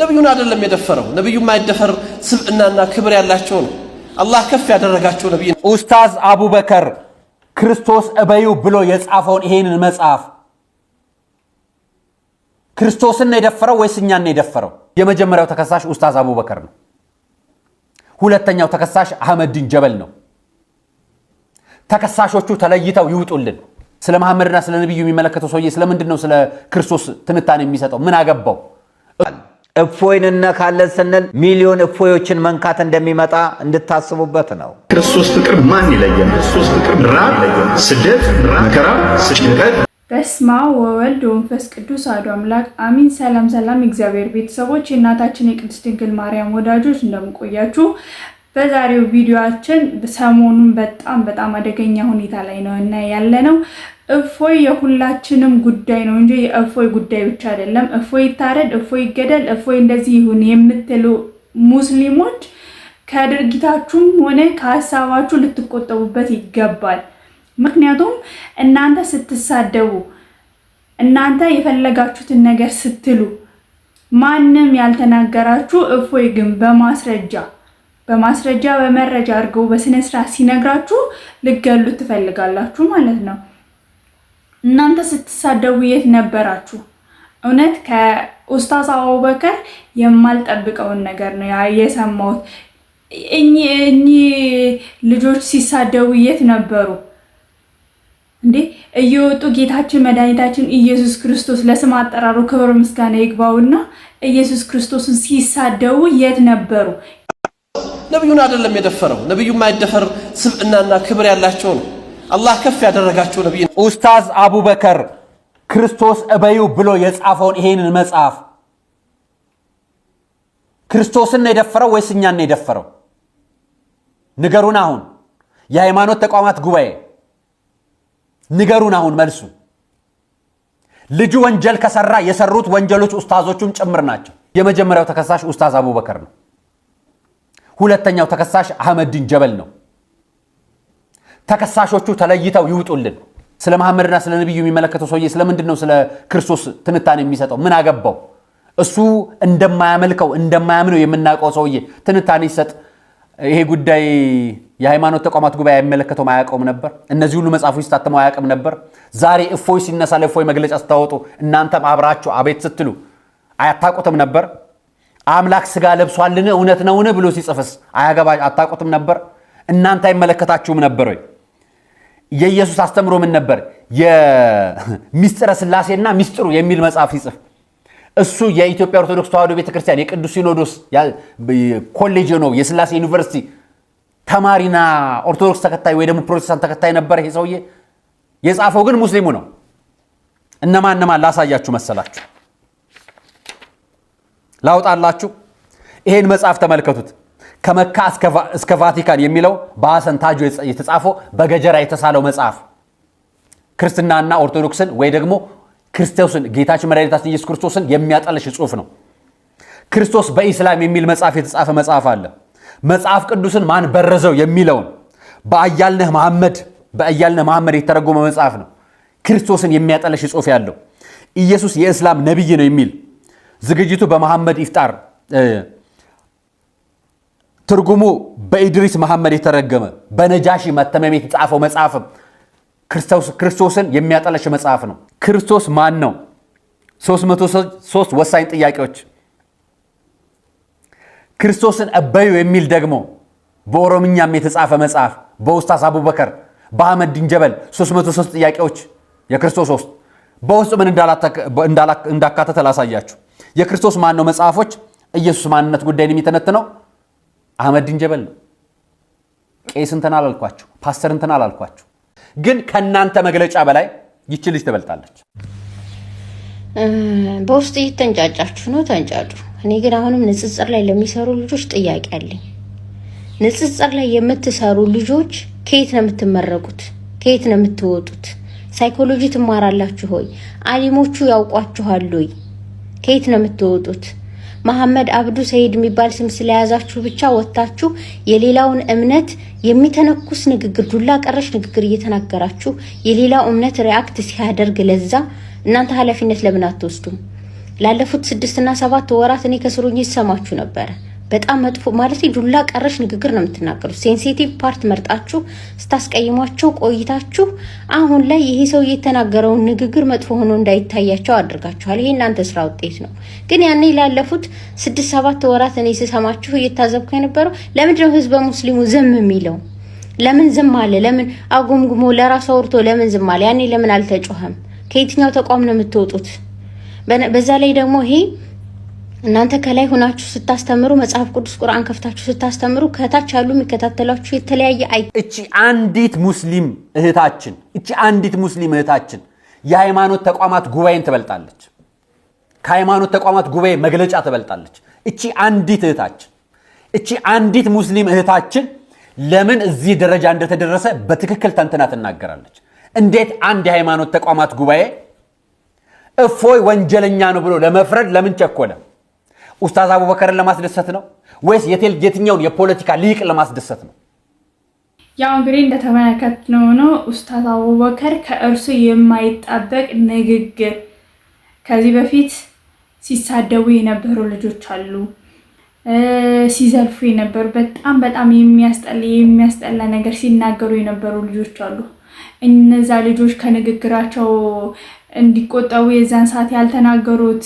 ነቢዩን አይደለም የደፈረው። ነቢዩ የማይደፈር ስብዕናና ክብር ያላቸው ነው። አላህ ከፍ ያደረጋቸው ነቢይ ነው። ኡስታዝ አቡበከር ክርስቶስ እበዩ ብሎ የጻፈውን ይሄንን መጽሐፍ ክርስቶስን ነው የደፈረው ወይስ እኛን ነው የደፈረው? የመጀመሪያው ተከሳሽ ኡስታዝ አቡበከር ነው። ሁለተኛው ተከሳሽ አህመድን ጀበል ነው። ተከሳሾቹ ተለይተው ይውጡልን። ስለ መሐመድና ስለ ነቢዩ የሚመለከተው ሰውዬ ስለምንድን ነው ስለ ክርስቶስ ትንታኔ የሚሰጠው? ምን አገባው? እፎይን እነካለን ስንል ሚሊዮን እፎዮችን መንካት እንደሚመጣ እንድታስቡበት ነው። ክርስቶስ ፍቅር ማን ይለየን? ክርስቶስ ፍቅር ራብ፣ ስደት፣ መከራ፣ በስመ አብ ወወልድ ወመንፈስ ቅዱስ አሐዱ አምላክ አሚን። ሰላም ሰላም፣ እግዚአብሔር ቤተሰቦች የእናታችን የቅድስት ድንግል ማርያም ወዳጆች እንደምቆያችሁ በዛሬው ቪዲዮችን ሰሞኑን በጣም በጣም አደገኛ ሁኔታ ላይ ነው እና ያለ ነው እፎይ የሁላችንም ጉዳይ ነው እንጂ የእፎይ ጉዳይ ብቻ አይደለም። እፎይ ይታረድ፣ እፎይ ይገደል፣ እፎይ እንደዚህ ይሁን የምትሉ ሙስሊሞች ከድርጊታችሁም ሆነ ከሀሳባችሁ ልትቆጠቡበት ይገባል። ምክንያቱም እናንተ ስትሳደቡ፣ እናንተ የፈለጋችሁትን ነገር ስትሉ ማንም ያልተናገራችሁ እፎይ ግን በማስረጃ በማስረጃ በመረጃ አድርገው በስነስርዓት ሲነግራችሁ ልገሉት ትፈልጋላችሁ ማለት ነው። እናንተ ስትሳደቡ የት ነበራችሁ? እውነት ከኡስታዝ አቡበከር የማልጠብቀውን ነገር ነው የሰማሁት። እኚህ ልጆች ሲሳደቡ የት ነበሩ እንዴ? እየወጡ ጌታችን መድኃኒታችን ኢየሱስ ክርስቶስ ለስም አጠራሩ ክብር ምስጋና ይግባውና ኢየሱስ ክርስቶስን ሲሳደቡ የት ነበሩ? ነቢዩን አይደለም የደፈረው። ነቢዩ የማይደፈር ስብዕናና ክብር ያላቸው ነው። አላህ ከፍ ያደረጋቸው ነብይ ኡስታዝ አቡበከር ክርስቶስ እበዩ ብሎ የጻፈውን ይሄንን መጽሐፍ ክርስቶስን ነው የደፈረው ወይስ እኛን የደፈረው? ንገሩን። አሁን የሃይማኖት ተቋማት ጉባኤ ንገሩን። አሁን መልሱ ልጁ ወንጀል ከሰራ የሰሩት ወንጀሎች ኡስታዞቹም ጭምር ናቸው። የመጀመሪያው ተከሳሽ ኡስታዝ አቡበከር ነው። ሁለተኛው ተከሳሽ አህመዲን ጀበል ነው። ተከሳሾቹ ተለይተው ይውጡልን። ስለ መሐመድና ስለ ነቢዩ የሚመለከተው ሰውዬ ስለምንድን ነው ስለ ክርስቶስ ትንታኔ የሚሰጠው? ምን አገባው? እሱ እንደማያመልከው እንደማያምነው የምናውቀው ሰውዬ ትንታኔ ይሰጥ። ይሄ ጉዳይ የሃይማኖት ተቋማት ጉባኤ የሚመለከተውም አያውቀውም ነበር። እነዚህ ሁሉ መጽሐፎች ሲታተሙ አያውቅም ነበር። ዛሬ እፎይ ሲነሳ ለእፎይ መግለጫ ስታወጡ እናንተም አብራችሁ አቤት ስትሉ አያታቁትም ነበር። አምላክ ስጋ ለብሷልን እውነት ነውን ብሎ ሲጽፍስ አያገባ ነበር። እናንተ አይመለከታችሁም ነበር ወይ? የኢየሱስ አስተምሮ ምን ነበር? የሚስጥረ ስላሴና ሚስጥሩ የሚል መጽሐፍ ሲጽፍ እሱ የኢትዮጵያ ኦርቶዶክስ ተዋሕዶ ቤተክርስቲያን የቅዱስ ሲኖዶስ ኮሌጅ ነው የስላሴ ዩኒቨርሲቲ ተማሪና ኦርቶዶክስ ተከታይ ወይ ደግሞ ፕሮቴስታንት ተከታይ ነበረ። ይሄ ሰውዬ የጻፈው ግን ሙስሊሙ ነው። እነማን እነማን ላሳያችሁ መሰላችሁ? ላውጣላችሁ። ይሄን መጽሐፍ ተመልከቱት። ከመካ እስከ ቫቲካን የሚለው በአሰንታጅ የተጻፈው በገጀራ የተሳለው መጽሐፍ ክርስትናና ኦርቶዶክስን ወይ ደግሞ ክርስቶስን ጌታችን መድኃኒታችን ኢየሱስ ክርስቶስን የሚያጠለሽ ጽሑፍ ነው። ክርስቶስ በኢስላም የሚል መጽሐፍ የተጻፈ መጽሐፍ አለ። መጽሐፍ ቅዱስን ማን በረዘው የሚለውን በአያልነህ መሐመድ በአያልነህ መሐመድ የተረጎመ መጽሐፍ ነው። ክርስቶስን የሚያጠለሽ ጽሑፍ ያለው ኢየሱስ የእስላም ነቢይ ነው የሚል ዝግጅቱ በመሐመድ ኢፍጣር ትርጉሙ በኢድሪስ መሐመድ የተረገመ በነጃሺ መተመም የተጻፈው መጽሐፍም ክርስቶስን የሚያጠለሽ መጽሐፍ ነው። ክርስቶስ ማን ነው? 303 ወሳኝ ጥያቄዎች። ክርስቶስን እበዩ የሚል ደግሞ በኦሮምኛም የተጻፈ መጽሐፍ በኡስታዝ አቡበከር በአህመድ ድንጀበል 303 ጥያቄዎች የክርስቶስ ውስጥ በውስጡ ምን እንዳካተተ ላሳያችሁ። የክርስቶስ ማን ነው መጽሐፎች ኢየሱስ ማንነት ጉዳይን የሚተነትነው አህመድ ጀበል ነው። ቄስ እንትን አላልኳችሁ፣ ፓስተር እንትን አላልኳችሁ። ግን ከእናንተ መግለጫ በላይ ይቺ ልጅ ትበልጣለች። በውስጥ እየተንጫጫችሁ ነው፣ ተንጫጩ። እኔ ግን አሁንም ንጽጽር ላይ ለሚሰሩ ልጆች ጥያቄ አለኝ። ንጽጽር ላይ የምትሰሩ ልጆች ከየት ነው የምትመረቁት? ከየት ነው የምትወጡት? ሳይኮሎጂ ትማራላችሁ ሆይ? አሊሞቹ ያውቋችኋል ሆይ? ከየት ነው የምትወጡት? መሐመድ አብዱ ሰይድ የሚባል ስም ስለያዛችሁ ብቻ ወጥታችሁ የሌላውን እምነት የሚተነኩስ ንግግር፣ ዱላ ቀረሽ ንግግር እየተናገራችሁ የሌላው እምነት ሪያክት ሲያደርግ ለዛ እናንተ ኃላፊነት ለምን አትወስዱም? ላለፉት ስድስትና ሰባት ወራት እኔ ከስሩኝ ይሰማችሁ ነበረ። በጣም መጥፎ ማለት ዱላ ቀረሽ ንግግር ነው የምትናገሩት። ሴንሲቲቭ ፓርት መርጣችሁ ስታስቀይሟቸው ቆይታችሁ አሁን ላይ ይሄ ሰው የተናገረውን ንግግር መጥፎ ሆኖ እንዳይታያቸው አድርጋችኋል። ይሄ እናንተ ስራ ውጤት ነው። ግን ያኔ ላለፉት ስድስት ሰባት ወራት እኔ ስሰማችሁ እየታዘብኩ የነበረው ለምንድነው ህዝበ ሙስሊሙ ዝም የሚለው? ለምን ዝም አለ? ለምን አጉምጉሞ ለራሱ አውርቶ ለምን ዝም አለ? ያኔ ለምን አልተጮኸም? ከየትኛው ተቋም ነው የምትወጡት? በዛ ላይ ደግሞ ይሄ እናንተ ከላይ ሆናችሁ ስታስተምሩ መጽሐፍ ቅዱስ ቁርአን ከፍታችሁ ስታስተምሩ ከታች ያሉ የሚከታተላችሁ የተለያየ አይ እቺ አንዲት ሙስሊም እህታችን እቺ አንዲት ሙስሊም እህታችን የሃይማኖት ተቋማት ጉባኤን ትበልጣለች። ከሃይማኖት ተቋማት ጉባኤ መግለጫ ትበልጣለች። እቺ አንዲት እህታችን እቺ አንዲት ሙስሊም እህታችን ለምን እዚህ ደረጃ እንደተደረሰ በትክክል ተንትና ትናገራለች። እንዴት አንድ የሃይማኖት ተቋማት ጉባኤ እፎይ ወንጀለኛ ነው ብሎ ለመፍረድ ለምን ቸኮለ? ኡስታዝ አቡበከርን ለማስደሰት ነው ወይስ የትኛውን የፖለቲካ ሊቅ ለማስደሰት ነው? ያው እንግዲህ እንደተመለከትነው ነው። ኡስታዝ አቡበከር ከእርሱ የማይጠበቅ ንግግር ከዚህ በፊት ሲሳደቡ የነበሩ ልጆች አሉ፣ ሲዘልፉ የነበሩ በጣም በጣም የሚያስጠላ የሚያስጠላ ነገር ሲናገሩ የነበሩ ልጆች አሉ። እነዛ ልጆች ከንግግራቸው እንዲቆጠቡ የዛን ሰዓት ያልተናገሩት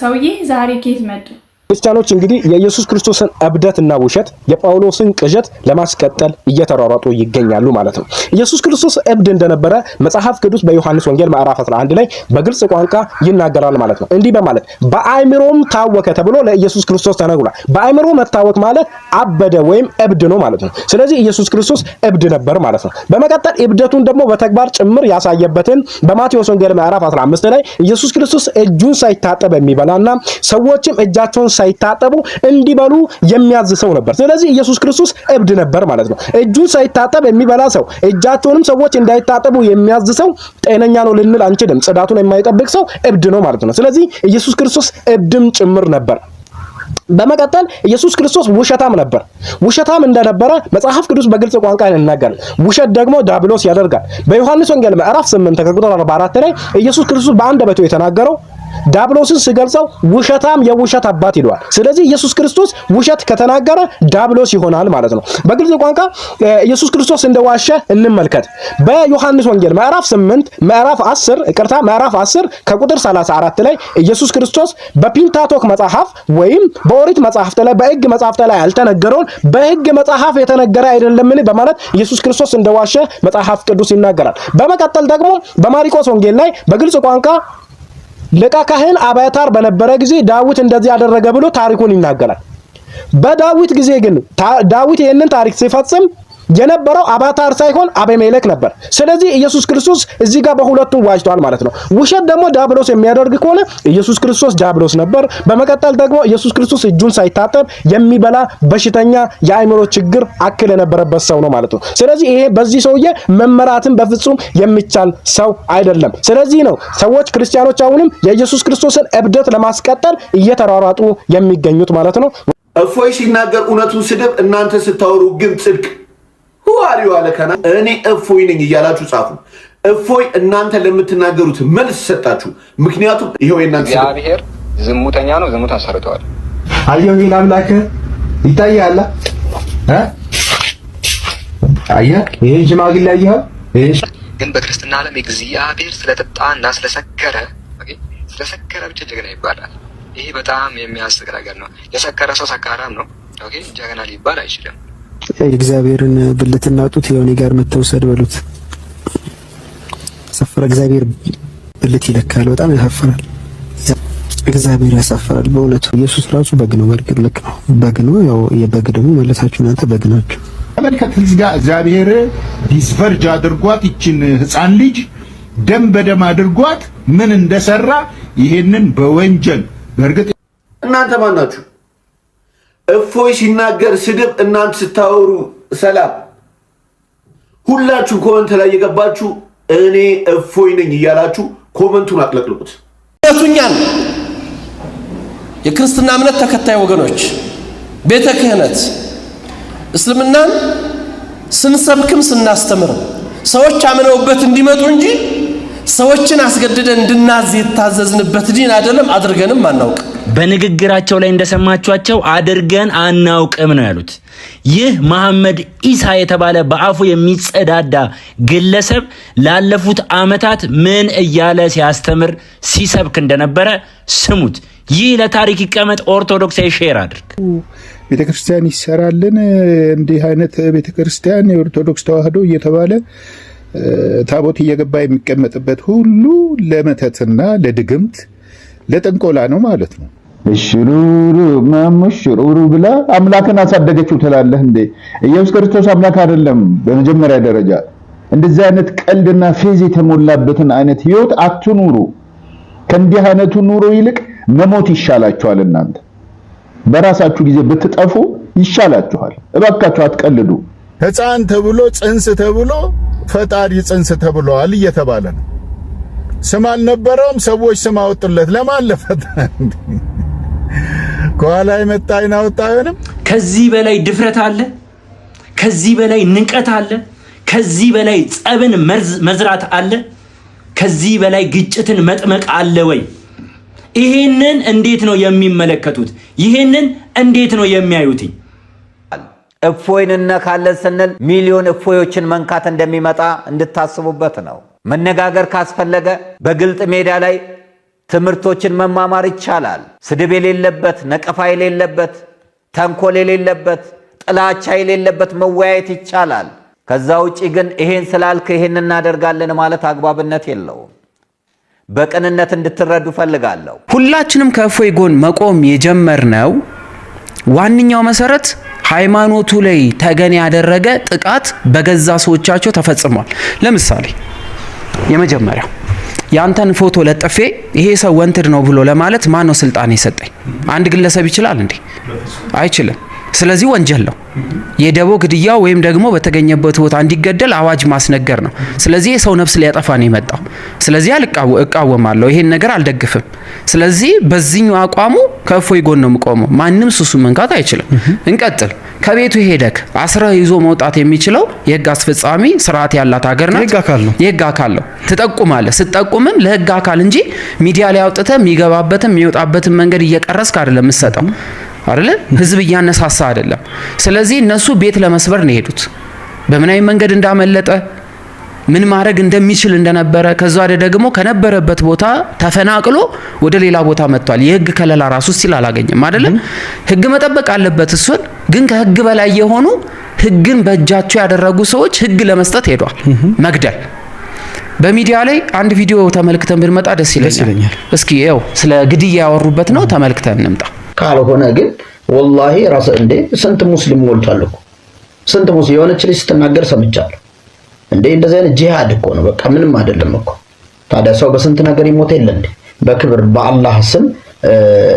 ሰውዬ ዛሬ ኬት መጡ። ክርስቲያኖች እንግዲህ የኢየሱስ ክርስቶስን እብደትና ውሸት የጳውሎስን ቅዠት ለማስቀጠል እየተሯሯጡ ይገኛሉ ማለት ነው። ኢየሱስ ክርስቶስ እብድ እንደነበረ መጽሐፍ ቅዱስ በዮሐንስ ወንጌል ምዕራፍ 11 ላይ በግልጽ ቋንቋ ይናገራል ማለት ነው። እንዲህ በማለት በአእምሮም ታወከ ተብሎ ለኢየሱስ ክርስቶስ ተነግሯል። በአእምሮ መታወክ ማለት አበደ ወይም እብድ ነው ማለት ነው። ስለዚህ ኢየሱስ ክርስቶስ እብድ ነበር ማለት ነው። በመቀጠል እብደቱን ደግሞ በተግባር ጭምር ያሳየበትን በማቴዎስ ወንጌል ምዕራፍ 15 ላይ ኢየሱስ ክርስቶስ እጁን ሳይታጠብ የሚበላና ሰዎችም እጃቸውን ሳይታጠቡ እንዲበሉ የሚያዝ ሰው ነበር። ስለዚህ ኢየሱስ ክርስቶስ እብድ ነበር ማለት ነው። እጁን ሳይታጠብ የሚበላ ሰው፣ እጃቸውንም ሰዎች እንዳይታጠቡ የሚያዝ ሰው ጤነኛ ነው ልንል አንችልም። ጽዳቱን የማይጠብቅ ሰው እብድ ነው ማለት ነው። ስለዚህ ኢየሱስ ክርስቶስ እብድም ጭምር ነበር። በመቀጠል ኢየሱስ ክርስቶስ ውሸታም ነበር። ውሸታም እንደነበረ መጽሐፍ ቅዱስ በግልጽ ቋንቋ ይናገራል። ውሸት ደግሞ ዳብሎስ ያደርጋል። በዮሐንስ ወንጌል ምዕራፍ 8 ከቁጥር 44 ላይ ኢየሱስ ክርስቶስ በአንደበቱ የተናገረው ዳብሎስን ስገልጸው ውሸታም የውሸት አባት ይለዋል። ስለዚህ ኢየሱስ ክርስቶስ ውሸት ከተናገረ ዳብሎስ ይሆናል ማለት ነው። በግልጽ ቋንቋ ኢየሱስ ክርስቶስ እንደዋሸ እንመልከት። በዮሐንስ ወንጌል ምዕራፍ 8 ምዕራፍ 10 ቅርታ ምዕራፍ 10 ከቁጥር 34 ላይ ኢየሱስ ክርስቶስ በፒንታቶክ መጽሐፍ ወይም በኦሪት መጽሐፍ ላይ በሕግ መጽሐፍ ላይ ያልተነገረውን በሕግ መጽሐፍ የተነገረ አይደለምን በማለት ኢየሱስ ክርስቶስ እንደዋሸ መጽሐፍ ቅዱስ ይናገራል። በመቀጠል ደግሞ በማርቆስ ወንጌል ላይ በግልጽ ቋንቋ ሊቀ ካህን አብያታር በነበረ ጊዜ ዳዊት እንደዚህ ያደረገ ብሎ ታሪኩን ይናገራል። በዳዊት ጊዜ ግን ዳዊት ይህንን ታሪክ ሲፈጽም የነበረው አባታር ሳይሆን አቤሜሌክ ነበር። ስለዚህ ኢየሱስ ክርስቶስ እዚህ ጋር በሁለቱም ዋጅቷል ማለት ነው። ውሸት ደግሞ ዲያብሎስ የሚያደርግ ከሆነ ኢየሱስ ክርስቶስ ዲያብሎስ ነበር። በመቀጠል ደግሞ ኢየሱስ ክርስቶስ እጁን ሳይታጠብ የሚበላ በሽተኛ፣ የአእምሮ ችግር አክል የነበረበት ሰው ነው ማለት ነው። ስለዚህ ይሄ በዚህ ሰውዬ መመራትን በፍጹም የሚቻል ሰው አይደለም። ስለዚህ ነው ሰዎች ክርስቲያኖች አሁንም የኢየሱስ ክርስቶስን እብደት ለማስቀጠል እየተሯሯጡ የሚገኙት ማለት ነው። እፎይ ሲናገር እውነቱን ስድብ፣ እናንተ ስታወሩ ግን ጽድቅ ዋሪው አለከና እኔ እፎይ ነኝ እያላችሁ ጻፉ። እፎይ እናንተ ለምትናገሩት መልስ ሰጣችሁ። ምክንያቱም ይኸው የእናንተ እግዚአብሔር ዝሙተኛ ነው፣ ዝሙት አሰርተዋል። አየሁ ይህን አምላክ ይታያል። አየህ ይህን ሽማግሌ አየኸው። ግን በክርስትና ዓለም እግዚአብሔር ስለጠጣና ስለሰከረ ስለሰከረ ብቻ ጀግና ይባላል። ይሄ በጣም የሚያስቅ ነገር ነው። የሰከረ ሰው ሰካራም ነው፣ ጀግና ሊባል አይችልም። የእግዚአብሔርን ብልትና ጡት የሆነ ጋር መተውሰድ በሉት። ሰፈረ እግዚአብሔር ብልት ይለካል። በጣም ያሳፍራል። እግዚአብሔር ያሳፍራል በእውነቱ። ኢየሱስ ራሱ በግ ነው። በርግጥ ልክ ነው፣ በግ ነው። ያው የበግ ደግሞ መለሳችሁ እናንተ በግ ናችሁ። ተመልከት እዚህ ጋር እግዚአብሔር ዲስፈርጅ አድርጓት ይችን ህፃን ልጅ ደም በደም አድርጓት ምን እንደሰራ ይሄንን በወንጀል በእርግጥ እናንተ ማን ናችሁ? እፎይ ሲናገር ስድብ፣ እናንተ ስታወሩ ሰላም። ሁላችሁ ኮመንት ላይ የገባችሁ እኔ እፎይ ነኝ እያላችሁ ኮመንቱን አቅለቅልቁት እነቱኛን የክርስትና እምነት ተከታይ ወገኖች ቤተ ክህነት እስልምናን ስንሰብክም ስናስተምርም ሰዎች አምነውበት እንዲመጡ እንጂ ሰዎችን አስገድደን እንድናዝ የታዘዝንበት ዲን አይደለም። አድርገንም አናውቅም። በንግግራቸው ላይ እንደሰማችኋቸው አድርገን አናውቅም ነው ያሉት። ይህ መሐመድ ኢሳ የተባለ በአፉ የሚጸዳዳ ግለሰብ ላለፉት ዓመታት ምን እያለ ሲያስተምር ሲሰብክ እንደነበረ ስሙት። ይህ ለታሪክ ይቀመጥ። ኦርቶዶክሳዊ ሼር አድርግ። ክርስቲያን ይሰራልን? እንዲህ አይነት ክርስቲያን የኦርቶዶክስ ተዋህዶ እየተባለ ታቦት እየገባ የሚቀመጥበት ሁሉ ለመተትና ለድግምት ለጥንቆላ ነው ማለት ነው። እሽሩሩ መሙሽሩሩ ብላ አምላክን አሳደገችው ትላለህ እንዴ? ኢየሱስ ክርስቶስ አምላክ አይደለም። በመጀመሪያ ደረጃ እንደዚህ አይነት ቀልድና ፌዝ የተሞላበትን አይነት ህይወት አትኑሩ። ከእንዲህ አይነቱ ኑሮ ይልቅ መሞት ይሻላችኋል። እናንተ በራሳችሁ ጊዜ ብትጠፉ ይሻላችኋል። እባካችሁ አትቀልዱ። ህፃን ተብሎ ጽንስ ተብሎ ፈጣሪ ጽንስ ተብለዋል እየተባለ ነው። ስም አልነበረውም፣ ሰዎች ስም አወጡለት። ከኋላ የመጣ አይን አወጣ አይሆንም። ከዚህ በላይ ድፍረት አለ? ከዚህ በላይ ንቀት አለ? ከዚህ በላይ ጸብን መዝራት አለ? ከዚህ በላይ ግጭትን መጥመቅ አለ ወይ? ይሄንን እንዴት ነው የሚመለከቱት? ይሄንን እንዴት ነው የሚያዩትኝ? እፎይን እነካለን ስንል ሚሊዮን እፎዮችን መንካት እንደሚመጣ እንድታስቡበት ነው። መነጋገር ካስፈለገ በግልጥ ሜዳ ላይ ትምህርቶችን መማማር ይቻላል። ስድብ የሌለበት፣ ነቀፋ የሌለበት፣ ተንኮል የሌለበት፣ ጥላቻ የሌለበት መወያየት ይቻላል። ከዛ ውጪ ግን ይሄን ስላልክ ይሄን እናደርጋለን ማለት አግባብነት የለውም። በቅንነት እንድትረዱ ፈልጋለሁ። ሁላችንም ከእፎይ ጎን መቆም የጀመርነው ዋነኛው መሰረት ሃይማኖቱ ላይ ተገን ያደረገ ጥቃት በገዛ ሰዎቻቸው ተፈጽሟል። ለምሳሌ የመጀመሪያው ያንተን ፎቶ ለጥፌ ይሄ ሰው ወንትድ ነው ብሎ ለማለት ማን ነው ስልጣን የሰጠኝ? አንድ ግለሰብ ይችላል እንዴ? አይችልም። ስለዚህ ወንጀል ነው። የደቦ ግድያ ወይም ደግሞ በተገኘበት ቦታ እንዲገደል አዋጅ ማስነገር ነው። ስለዚህ የሰው ነፍስ ሊያጠፋ ነው የመጣው። ስለዚህ እቃወማለሁ፣ ይሄን ነገር አልደግፍም። ስለዚህ በዚህኛው አቋሙ ከእፎይ ጎን ነው የምቆመው። ማንም ሱሱ መንካት አይችልም። እንቀጥል። ከቤቱ ሄደክ አስረህ ይዞ መውጣት የሚችለው የህግ አስፈጻሚ ስርዓት ያላት ሀገር ናት። የህግ አካል ነው። ትጠቁማለህ። ስትጠቁምም ለህግ አካል እንጂ ሚዲያ ላይ አውጥተህ የሚገባበትም የሚወጣበትን መንገድ እየቀረስክ አይደለም የምትሰጠው አይደለ? ህዝብ እያነሳሳ አይደለም። ስለዚህ እነሱ ቤት ለመስበር ነው የሄዱት። በምናዊ መንገድ እንዳመለጠ ምን ማድረግ እንደሚችል እንደነበረ ከዛ ወደ ደግሞ ከነበረበት ቦታ ተፈናቅሎ ወደ ሌላ ቦታ መጥቷል። የህግ ከለላ ራሱ ሲል አላገኘም አይደለም። ህግ መጠበቅ አለበት። እሱን ግን ከህግ በላይ የሆኑ ህግን በእጃቸው ያደረጉ ሰዎች ህግ ለመስጠት ሄዷል። መግደል በሚዲያ ላይ አንድ ቪዲዮ ተመልክተን ብንመጣ ደስ ይለኛል። እስኪ ያው ስለ ግድያ ያወሩበት ነው፣ ተመልክተን እንምጣ። ካልሆነ ግን ወላሂ ራስ እንዴ ስንት ሙስሊም ሞልቷል እኮ ስንት ሙስሊም የሆነች ልጅ ስትናገር ሰምቻለሁ እንዴ እንደዚህ አይነት ጂሃድ እኮ ነው። በቃ ምንም አይደለም እኮ ታዲያ ሰው በስንት ነገር ይሞት የለ እንዴ? በክብር በአላህ ስም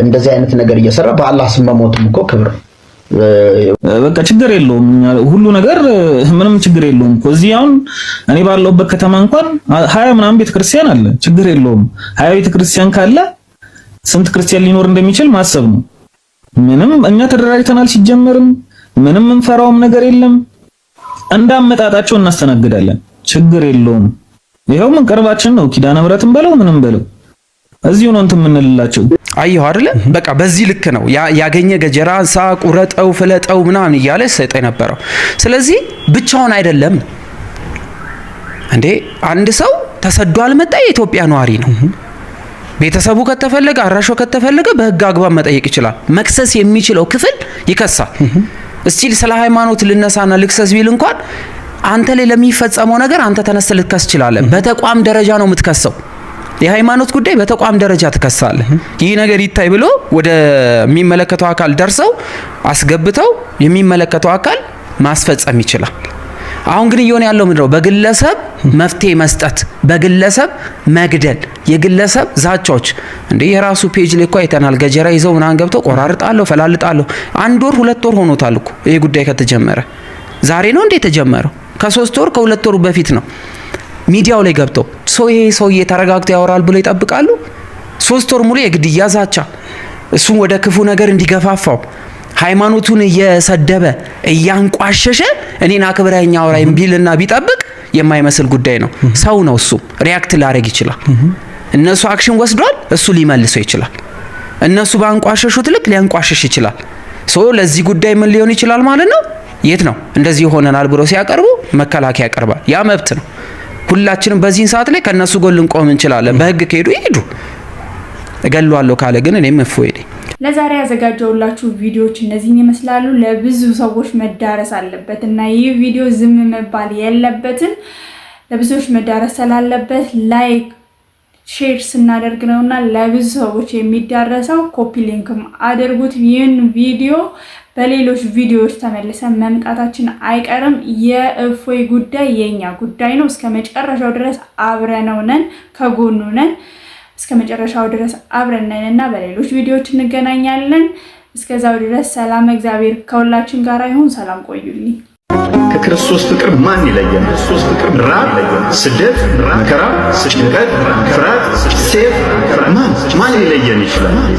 እንደዚህ አይነት ነገር እየሰራ በአላህ ስም መሞትም እኮ ክብር በቃ ችግር የለውም ሁሉ ነገር ምንም ችግር የለውም እኮ እዚህ አሁን እኔ ባለውበት ከተማ እንኳን ሀያ ምናምን ቤተ ክርስቲያን አለ። ችግር የለውም ሀያ ቤተ ክርስቲያን ካለ ስንት ክርስቲያን ሊኖር እንደሚችል ማሰብ ነው። ምንም እኛ ተደራጅተናል ሲጀመርም ምንም እንፈራውም ነገር የለም። እንዳመጣጣቸው እናስተናግዳለን። ችግር የለውም። ይኸው ምን ቅርባችን ነው። ኪዳነ ምሕረትን በለው ምንም በለው እዚሁ ነው እንትን የምንልላቸው። አየሁ አይደለ? በቃ በዚህ ልክ ነው ያገኘ ገጀራ እንሳ ቁረጠው፣ ፍለጠው ምናምን እያለ ሰጠ የነበረው። ስለዚህ ብቻውን አይደለም እንዴ አንድ ሰው ተሰዶ አልመጣ የኢትዮጵያ ነዋሪ ነው። ቤተሰቡ ከተፈለገ አራሾ ከተፈለገ በህግ አግባብ መጠየቅ ይችላል። መክሰስ የሚችለው ክፍል ይከሳል። እስቲል ስለ ሃይማኖት ልነሳና ልክሰስ ቢል እንኳን አንተ ላይ ለሚፈጸመው ነገር አንተ ተነስተ ልትከስ ችላለ። በተቋም ደረጃ ነው የምትከሰው። የሃይማኖት ጉዳይ በተቋም ደረጃ ትከሳለ። ይህ ነገር ይታይ ብሎ ወደሚመለከተው አካል ደርሰው አስገብተው የሚመለከተው አካል ማስፈጸም ይችላል። አሁን ግን እየሆነ ያለው ምንድነው? በግለሰብ መፍትሄ መስጠት፣ በግለሰብ መግደል፣ የግለሰብ ዛቻዎች። እንዴ የራሱ ፔጅ ላይ እኮ አይተናል። ገጀራ ይዘው ምናምን ገብተው ቆራርጣለሁ፣ ፈላልጣለሁ። አንድ ወር ሁለት ወር ሆኖታል እኮ ይሄ ጉዳይ ከተጀመረ። ዛሬ ነው እንዴ የተጀመረው? ከሶስት ወር ከሁለት ወሩ በፊት ነው ሚዲያው ላይ ገብተው ሰው ይሄ ሰውዬ ተረጋግቶ ያወራል ብሎ ይጠብቃሉ። ሶስት ወር ሙሉ የግድያ ዛቻ እሱን ወደ ክፉ ነገር እንዲገፋፋው ሃይማኖቱን እየሰደበ እያንቋሸሸ እኔን አክብረኛ አውራኝ ቢልና ቢጠብቅ የማይመስል ጉዳይ ነው። ሰው ነው እሱ፣ ሪያክት ላደረግ ይችላል። እነሱ አክሽን ወስዷል፣ እሱ ሊመልሰው ይችላል። እነሱ ባንቋሸሹት ልክ ሊያንቋሸሽ ይችላል። ሶ ለዚህ ጉዳይ ምን ሊሆን ይችላል ማለት ነው። የት ነው እንደዚህ ሆነናል ብሎ ሲያቀርቡ መከላከያ ያቀርባል። ያ መብት ነው። ሁላችንም በዚህን ሰዓት ላይ ከእነሱ ጎን ልንቆም እንችላለን። በህግ ከሄዱ ይሄዱ፣ እገለዋለሁ ካለ ግን እኔም እፎ ለዛሬ ያዘጋጀውላችሁ ቪዲዮዎች እነዚህን ይመስላሉ። ለብዙ ሰዎች መዳረስ አለበት እና ይህ ቪዲዮ ዝም መባል የለበትም። ለብዙዎች መዳረስ ስላለበት ላይክ ሼር ስናደርግ ነው እና ለብዙ ሰዎች የሚዳረሰው። ኮፒ ሊንክም አድርጉት። ይህን ቪዲዮ በሌሎች ቪዲዮዎች ተመልሰን መምጣታችን አይቀርም። የእፎይ ጉዳይ የኛ ጉዳይ ነው። እስከ መጨረሻው ድረስ አብረነው ነን፣ ከጎኑ ነን። እስከ መጨረሻው ድረስ አብረን እና በሌሎች ቪዲዮዎች እንገናኛለን። እስከዛው ድረስ ሰላም፣ እግዚአብሔር ከሁላችን ጋር ይሁን። ሰላም ቆዩልኝ። ከክርስቶስ ፍቅር ማን ይለየን? ክርስቶስ ፍቅር ራብ፣ ስደት፣ መከራ፣ ጭንቀት፣ ፍርሃት፣ ሴፍ ማን ማን ሊለየን ይችላል?